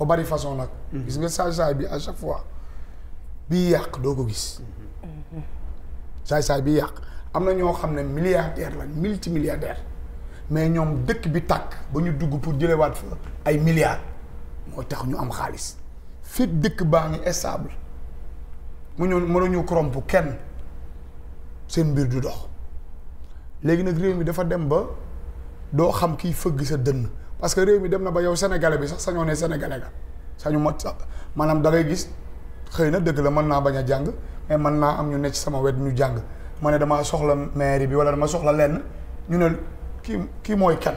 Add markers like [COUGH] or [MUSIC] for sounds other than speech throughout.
dafa bari façon nag. Mhm. gis nga saay-saay bi à chaque fois bii yàq doo ko gis. Mhm. saay-saay bii yàq am na ñoo xam ne milliardaire lañ multimilliardaire mais ñoom dëkk bi tàkk ba ñu dugg pour jëlewaat fa ay milliards moo tax ñu am xaalis fit dëkk baa ngi stable mu ñëw mënuñu koromp kenn seen mbir du dox léegi nag réew mi dafa dem ba doo xam kiy fëgg sa dënn parce que réew mi dem na ba yow sénégalais bi sax sañoo ne sénégalais nga sañu ma sax maanaam da ngay gis xëy na dëgg la mën naa bañ a jàng mais mën naa am ñu ne ci sama wet ñu jàng ma ne damaa soxla mairie bi wala dama soxla lenn ñu ne kii kii mooy kan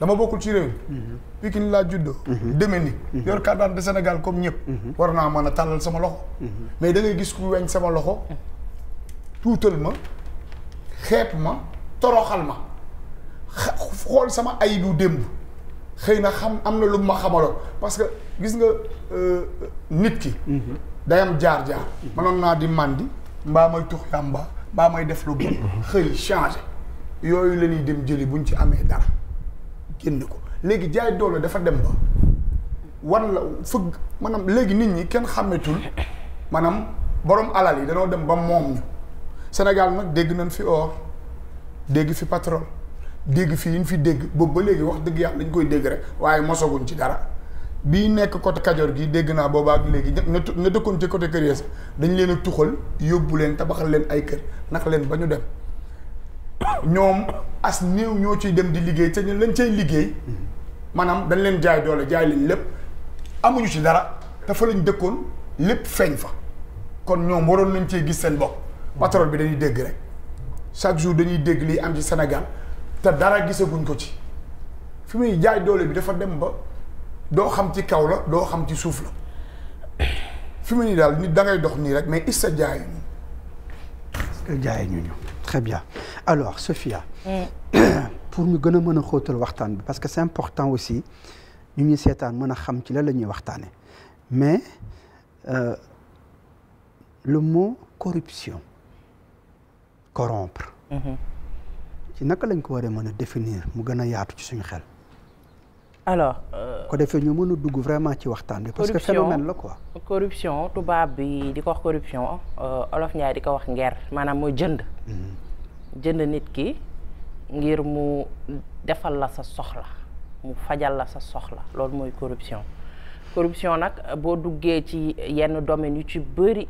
dama bokkul ci réew mi. Mhm. Pikine laa juddoo. Mhm. demee ni mhm. yor carte Sénégal comme ñëpp. war naa mën a tàllal sama loxo. mais da gis ku weñ sama loxo. tuutal ma xeeb ma toroxal ma. xool sama ayibu démb xëy na xam am na lu ma xamaloon parce que gis nga euh, nit ki. Mhm. day am jaar-jaar. mënoon mhm. naa di màndi mbaa may tux yàmba mbaa may def lu bon mhm. xëy changé yooyu la dem jëli buñ ci amee dara génn ko léegi jaay doole dafa dem ba wan la fëgg maanaam léegi nit ñi kenn xàmmetul maanaam borom alal yi danoo dem ba moom ñu Sénégal nag dégg nañ fi or dégg fi pétrole. dégg fii yi ñu fi dégg boobu ba léegi wax dëgg yàlla dañ koy dégg rek waaye mosaguñ ci dara bi nekk côté Kajoor gi dégg naa boobaak léegi ña dëkkoon ci côté kër yi sax dañ leen a tuxal yóbbu leen tabaxal leen ay kër nax leen ba ñu dem ñoom as néew ñoo ciy dem di liggéey te ñu lañ cay liggéey maanaam dañ leen jaay doole jaay leen lépp amuñu ci dara te fa lañ dëkkoon lépp feeñ fa kon ñoom waroon nañ cee gis seen bopp. Mm-hmm. pétrole bi dañuy dégg rek chaque jour dañuy dégg lii am ci Sénégal. te dara gisaguñ ko ci fi muy jaay doole bi dafa dem ba doo xam ci kaw la doo xam ci suuf la fi mu nii daal nit da ngay dox nii rek mais is sa jaay ñu. jaay ñu ñu bien alors Sophia. Mm. [COUGHS] pour ñu gën a mën a xootal waxtaan bi parce que c'est important aussi ñu ñuy seetaan mën a xam ci la la ñuy waxtaane mais euh, le mot corruption corrompre. Mm-hmm. ci naka lañ ko waree mën a définir mu gën a yaatu ci suñu xel. alors. Euh, ko defee ñu mën dugg vraiment ci waxtaan bi. parce que phénomène la quoi. corruption tubaab bi di ko wax corruption euh, olof Ndiaye di ko wax nger maanaam mooy jënd. Mhm. jënd nit ki ngir mu defal la sa soxla mu fajal la sa soxla loolu mooy corruption. corruption nag euh, boo duggee ci yenn domaines yu ci bëri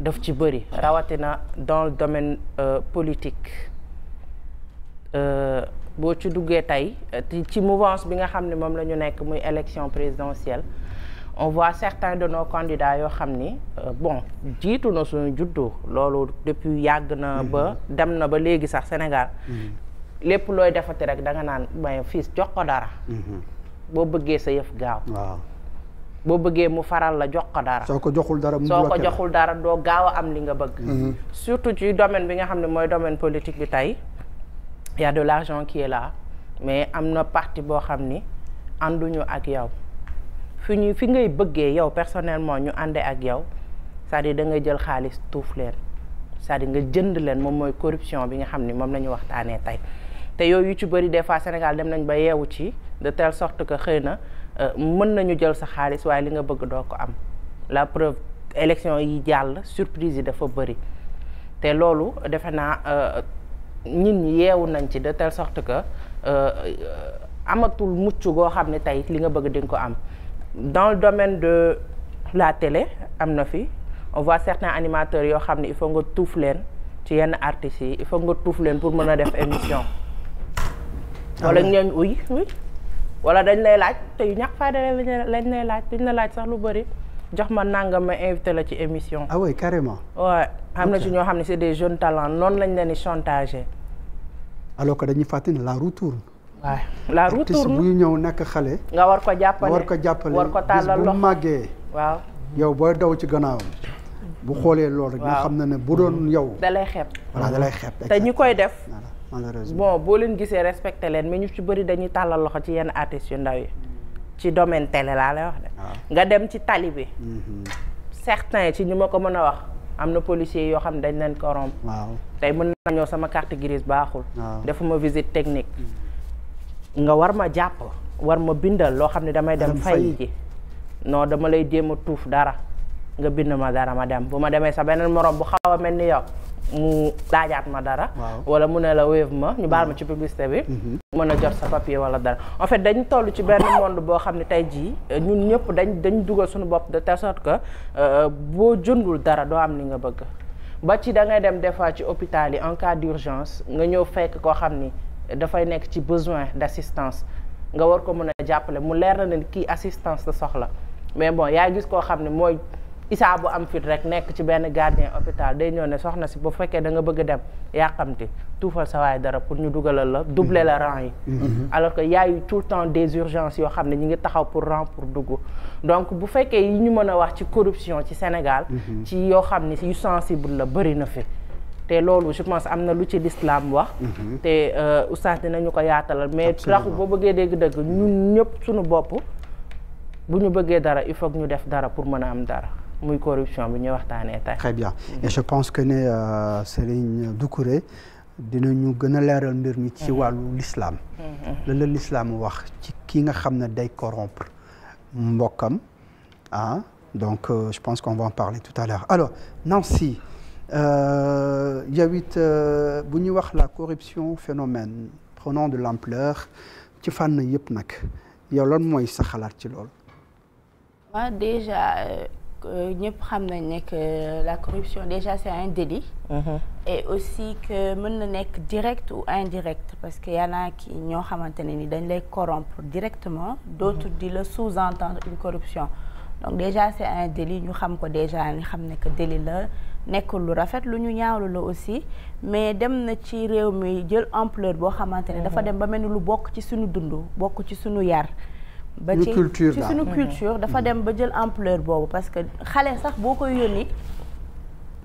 def ci bëri rawatina dans le domaine politique. Euh, boo ci duggee tey ci mouvance bi nga xam ne moom la ñu nekk muy élection présidentielle on voit certains de nos candidats yoo xam ni euh, bon jiitu na suñu juddu loolu depuis yàgg na mm-hmm. ba dem na ba léegi sax Sénégal mm-hmm. lépp looy defate rek danga naan may fils jox ko dara mm-hmm. boo bëggee sa yëf gaaw boo bëggee mu faral la jox ko dara soo ko joxul dara soo joxul dara doo gaaw am li nga bëgg surtout ci domaine bi nga xam ne mooy domaine politique bi tey y a de l'argent qui est mais am na partie boo xam ni ànduñu ak yow fi ñuy fi ngay bëggee yow personnellement ñu àndee ak yow c'est-à-dire da ngay jël xaalis tuuf leen cest à nga jënd leen moom mooy corruption bi nga xam ni moom la ñu waxtaanee tey te yooyu yu ci bëri des fois Sénégal dem nañ ba yeewu ci de telle sorte que xëy na euh, mën nañu jël sa xaalis waaye li nga bëgg doo ko am la preuve élection yi jàll surprise yi dafa bëri te loolu defe naa euh, nit ñi yeewu nañ ci de telle sorte que euh, amatul mucc goo xam ne tey li nga bëgg di ko am dans le domaine de la télé am na fi on voit certains animateurs yoo xam ne il faut nga tuuf leen ci yenn artistes yi il faut nga tuuf leen pour mën a def émission wala ñooñ uy uy wala dañ lay laaj te yu ñàkk fayda lañ lay laaj duñ la laaj sax lu bëri jox ma nangam ma invité la ci émission. ah carrément. waaw am na ci ñoo xam ne c'est des jeunes talents noonu lañ leen di chantager. alors que dañuy fàttali ne la roue tourne. waaw la roue tourne bu ñëw nekk xale. nga war ko jàppale war ko jàppale war ko tàllal loxo bu màggee. waaw yow booy daw ci gannaaw bu xoolee loolu rek. nga xam ne ne bu doon yow. da lay xeeb voilà da lay xeeb. te ñu koy def. malheureusement bon boo leen gisee respecté leen mais ñu ci bëri dañuy tàllal loxo ci yenn artistes yu ndaw yi. ci domaine télé laa lay wax de. Ah. nga dem ci tali bi. Mhm. certains ci ñu ma ko mën a wax am na policiers yoo xam ne dañ leen ko romb. waaw tey mën naa ñëw sama carte grise baaxul. defuma visite technique. Mhm. nga war ma jàpp war ma bindal loo xam ne damay dem. fay ji noo dama lay jéem a tuuf dara. nga bind ma dara ma dem bu ma demee sa beneen morom bu xaw mel ni yow. mu laajaat ma dara. wala mu ne la wéev ma ñu baal ma ci publicité bi. Mm-hmm. mën a jot sa papier wala dara en fait dañ toll ci benn monde boo xam ne tey jii euh, ñun ñëpp dañ dañ dugal suñu bopp de te sorte que euh, boo jëndul dara doo am ni nga bëgg. ba ci da ngay dem des fois ci hôpital yi en cas d'urgence nga ñëw fekk koo xam ni dafay nekk ci besoin d'assistance nga war ko mën a jàppale mu leer na ne kii assistance la soxla mais bon yaa gis koo xam ne mooy. isaa bu am fit rek nekk ci benn gardien hôpital day ñëw ne soxna si bu fekkee da nga bëgg dem yàqamti tuufal sa waay dara pour ñu dugalal la doubler la ran yi mm-hmm. Mm-hmm. alors que y tout le temps des urgences yoo xam ne ñu ngi taxaw pour rang pour dugg donc bu fekkee yi ñu mën a wax ci corruption ci Sénégal mm-hmm. ci yoo xam ne yu sensible la bëri na fi te loolu je pense am na lu ci l'islam wax te euh, oustaz nañu ko yaatalal mais taxu boo bëggee dégg-dëgg ñun ñëpp suñu bopp bu ñu bëggee dara il faut ñu def dara pour mën a am dara muy corruption bi ñuy waxtaanee tey. bien mm-hmm. et je pense que ne euh, Serigne Doucouré dinañu gën a leeral mbir mi ci mm-hmm. wàllu l'islam mm-hmm. lan l'islam wax ci ki nga xam ne dey corrompre mbokkam ah, donc euh, je pense qu'on va en parler tout à l'heure alors Nancy euh, yow bu ñuy wax la corruption phénomène prenant de l'ampleur ci fànn yëpp nag yow mooy sa xalaat ci loolu. Euh, ñëpp xam nañ ne que euh, la corruption déjà c'est un délit mm -hmm. et aussi que mën na nekk direct ou indirect parce que y en a ñoo xamante ne ni dañ lay corrompre directement d'autres mm-hmm. di la sous-entendre une corruption donc déjà c'est un délit ñu xam ko déjà ni xam ne que délit la nekkul lu rafet lu ñu ñaawlu la aussi mais dem na ci réew mi jël ampleur boo xamante ne dafa mm-hmm. dem ba mel ni lu bokk ci suñu dund bokk ci suñu yar ba ci ci suñu culture dafa dem ba jël ampleur boobu parce que xale sax boo koy yónni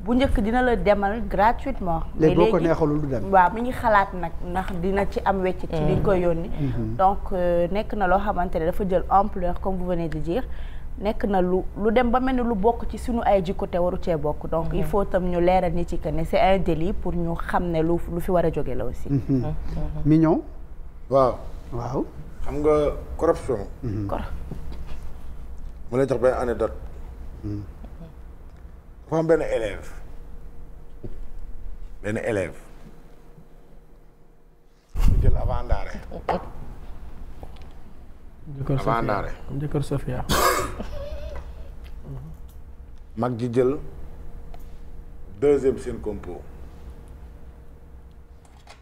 bu njëkk dina la demal gratuitement. léegi boo ko neexalul du dem waaw mi ngi xalaat nag ndax dina ci am wecc ci liñ mm. koy yónni. Mm-hmm. Mm-hmm. donc euh, nekk na loo xamante ne dafa jël ampleur comme vous venez de dire. nekk na lu lu dem ba mel ni lu bokk ci suñu ay jikko te waru cee bokk. donc il mm-hmm. faut tam ñu leeral nit ci que ne c'est un délit pour ñu xam ne lu lu fi war a jóge la aussi. mignon. waaw waaw. xam nga corruption. Mm-hmm. cor. mu lay jox benn anecdote. Mm-hmm. dafa am benn élève benn élève. mu jël avant daare. avant daare. jëkkër Sofia [COUGHS] mag ji jël deuxième seen compo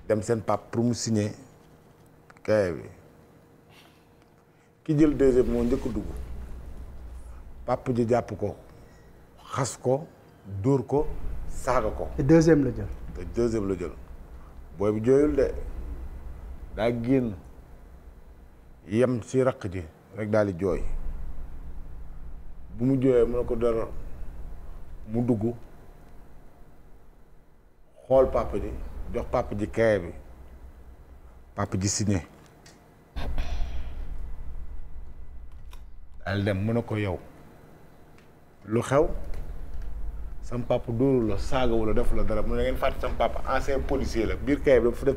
dem seen pap pour mu signer kaye bi. ki jël deuxième moo njëkk dugg pàpp ji jàpp ko xas ko dóor ko saaga ko. te deuxième la jël. te deuxième la jël booy bi jooyul de daa génn yem ci raq ji rek daal jooy bu mu jooyee mu ne ko dara mu dugg xool papa ji jox pàpp ji kaye bi papa ji signé. al dem mu ne ko yow lu xew sam papa dóoru la saaga wala def la dara mu ne ngeen fàtte sam papa ancien policier la biir kayib dafa [LAUGHS]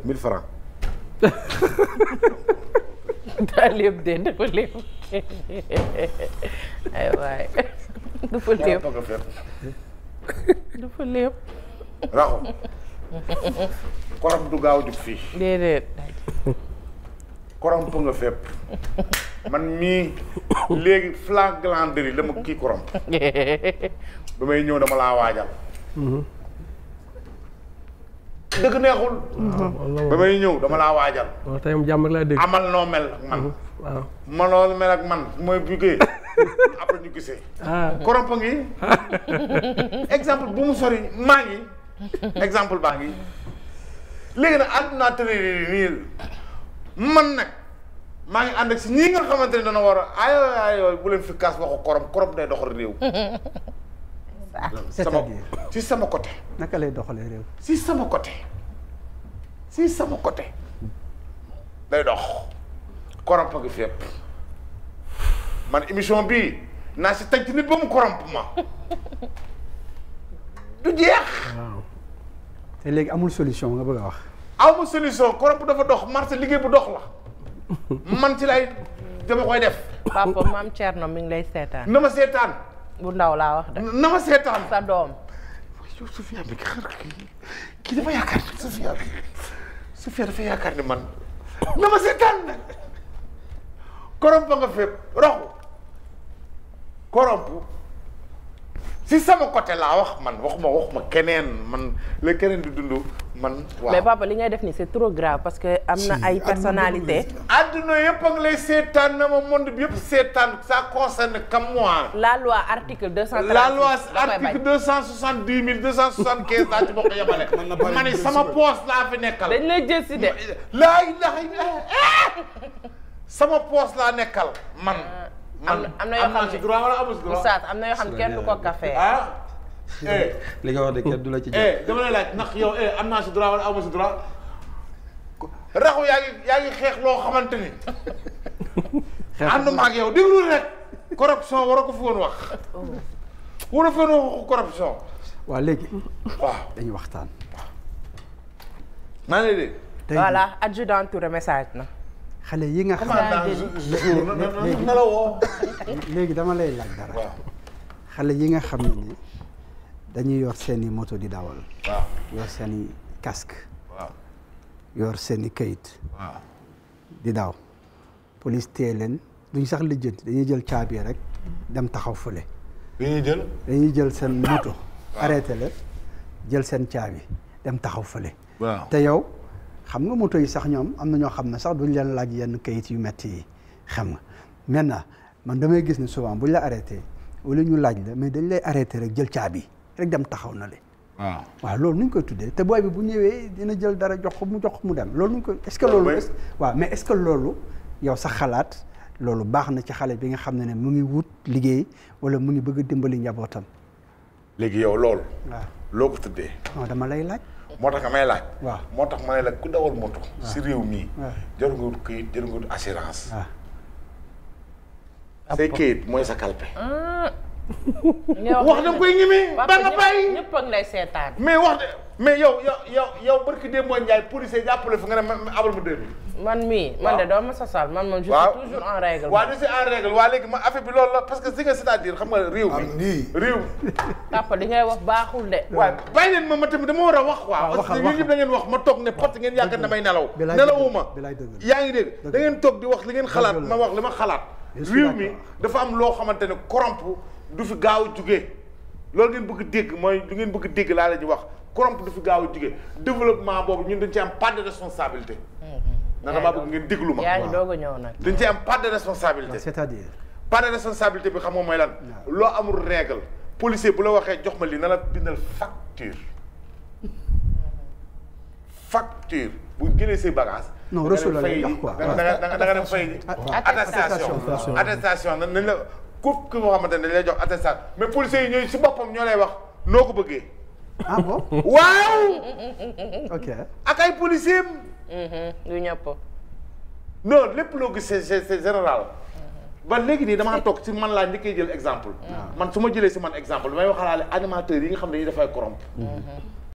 dafa lépp [LAUGHS] dafa lépp korom du gaaw jug fii déedéet corompe nga fépp man mii léegi flaglandri la ma kii corompe [LAUGHS] ba may ñëw dama laa waajal mhm. dëgg neexul mhm. ba may ñëw dama laa waajal tey moom jàmm rek laa dégg amal noo mel ak man mhm. waaw ma loolu mel ak man mooy buggee [LAUGHS] après ñu gisee ah. corompe ngi [LAUGHS] exemple bu mu sori maa ngi exemple baa ngi léegi nag àdduna tëri nii man nag maa ngi ànd ak si ñii nga xamante ne dana war a ayoo bu leen fi kaas ko korom korom day doxal réew. sama si sama côté. naka lay doxalee réew. si sama côté si sama côté day dox koromp gi fépp man émission bii naa si teg ci nit ba mu koromp ma [LAUGHS] du jeex. te léegi amul solution bu nga bëgg a wax. aw ma solution korom dafa dox marché liggéey bu dox la man ci lay dama koy def. papa maam Thierno mi ngi lay seetaan. na ma seetaan. bu ndaw laa wax de. na ma seetaan sa doom. yow Sofia bi kii dafa yaakaar ne Sofia bi Sofia dafa yaakaar ne man na ma seetaan nag korom nga fépp roxu korom. si sama côté la wax man ma waxuma ma keneen man la keneen di dund man. waaw mais papa li ngay def ni se trop grave parce que am na ay personnalité adduna yëpp a ngi lay seetaan na ma monde bi yëpp seetaan sa concerne que moi. la loi article deux cent la loi article deux cent soixante dix mille deux cent soixante quinze laa ci bokk yemale. ma sama poos laa fi nekkal. dañ lay jël si de. Eh! sama poos laa nekkal man. Ah. am am na yoo xam ne am na xam ne kenn du ko café ah. Eh. [LAUGHS] li nga wax de kenn du la ci jël. Eh, dama lay laaj ndax yow eh, am naa ci droit wala amul ci droit raxu yaa ngi xeex loo xamante ni. [LAUGHS] ànduma ak yow déglu rek corruption war a ko fi woon wax. Oh. war a fi woon wax corruption. léegi. waaw dañuy waxtaan. maa ngi lay dégg. message na. xale yi nga. xam dama lay laaj xale yi nga xam ni dañuy yor seeni moto di dawal. yor seeni casque. yor seeni kayit. di daw police téye leen duñ sax lijjant dañuy jël caabi rek dem taxaw fale dañuy jël jël seen moto. arrêté la jël seen caabi dem taxaw fële. xam nga moto yi sax ñoom am na ñoo xam na sax duñ leen laaj yenn kayit yu metti yi xam nga maintenant man damay gis ni souvent buñ la arrêté wala ñu laaj la mais dañ lay arrêté rek jël caabi rek dem taxaw na le waaw waaw loolu nu ñu koy tuddee te booy bi bu ñëwee dina jël dara jox ko mu jox mu dem loolu nu ñu koy est-ce que ah, loolu waaw mais est-ce que loolu yow sa xalaat loolu baax na ci xale bi nga xam ne ne mu ngi wut liggéey wala mu ngi bëgg dimbali njabootam léegi yow loolu waaw loo ko tuddee non moo tax nga may laaj. waaw moo tax ma ne la ku dawal moto. si réew mii. jër nga wut këyit jër nga wut assurance. say këyit mooy sa kalpe. Ah. wax da nga koy ñemee. ba nga bàyyi ñëpp a ngi lay seetaan mais wax mais yow yow yow yow barki démb mooy Ndiaye policier jàppale fa nga ne man abal ma deux mille man mii man de ma sosal man moom je suis toujours en règle waaw je suis en règle waa léegi ma affaire bi loolu la parce que si nga c'est-à-dire xam mi réew li ngay wax baaxul de waaw leen ma ma tamit dama war a wax waaw ah, parce que ñun ñëpp da ngeen wax ma toog ne ah, pot ngeen yaakaar damay nelaw nelawuma yaa ngi dégg da ngeen toog di wax li ngeen xalaat ma am loo xamante ne gaaw jugee loolu ngeen bëgg dégg mooy lu ngeen bëgg dégg laa la ñu wax corrompe du fi gaaw a jugee développement boobu ñu dañ ci am part de responsabilité. Mm-hmm. nana maa bëgg ngeen déglu ma. yaa ngi doog a ñëw nag. dañ ci am part de responsabilité. c'est-à-dire. part de responsabilité bi xam nga mooy lan. loo amul règle. policier bu la waxee jox ma lii na la bindal facture. Mm-hmm. facture bu génnee say bagages. non reçu la lay jox quoi da nga da nga dem fay attestation attestation nañ la. ku ki nga xamante ne dañ lay jox attestation mais policiers yi ñooy si boppam ñoo lay wax noo ko bëggee. ah bon waaw. ok ak ay policiers mm-hmm. du ñëpp. non lépp loo gis se c'est général. Mm-hmm. ba léegi nii damaa toog si man laa njëkkee jël exemple. Mm-hmm. man su ma jëlee si man exemple may waxalaale animateurs yi nga xam ne dañuy def ay corrompre.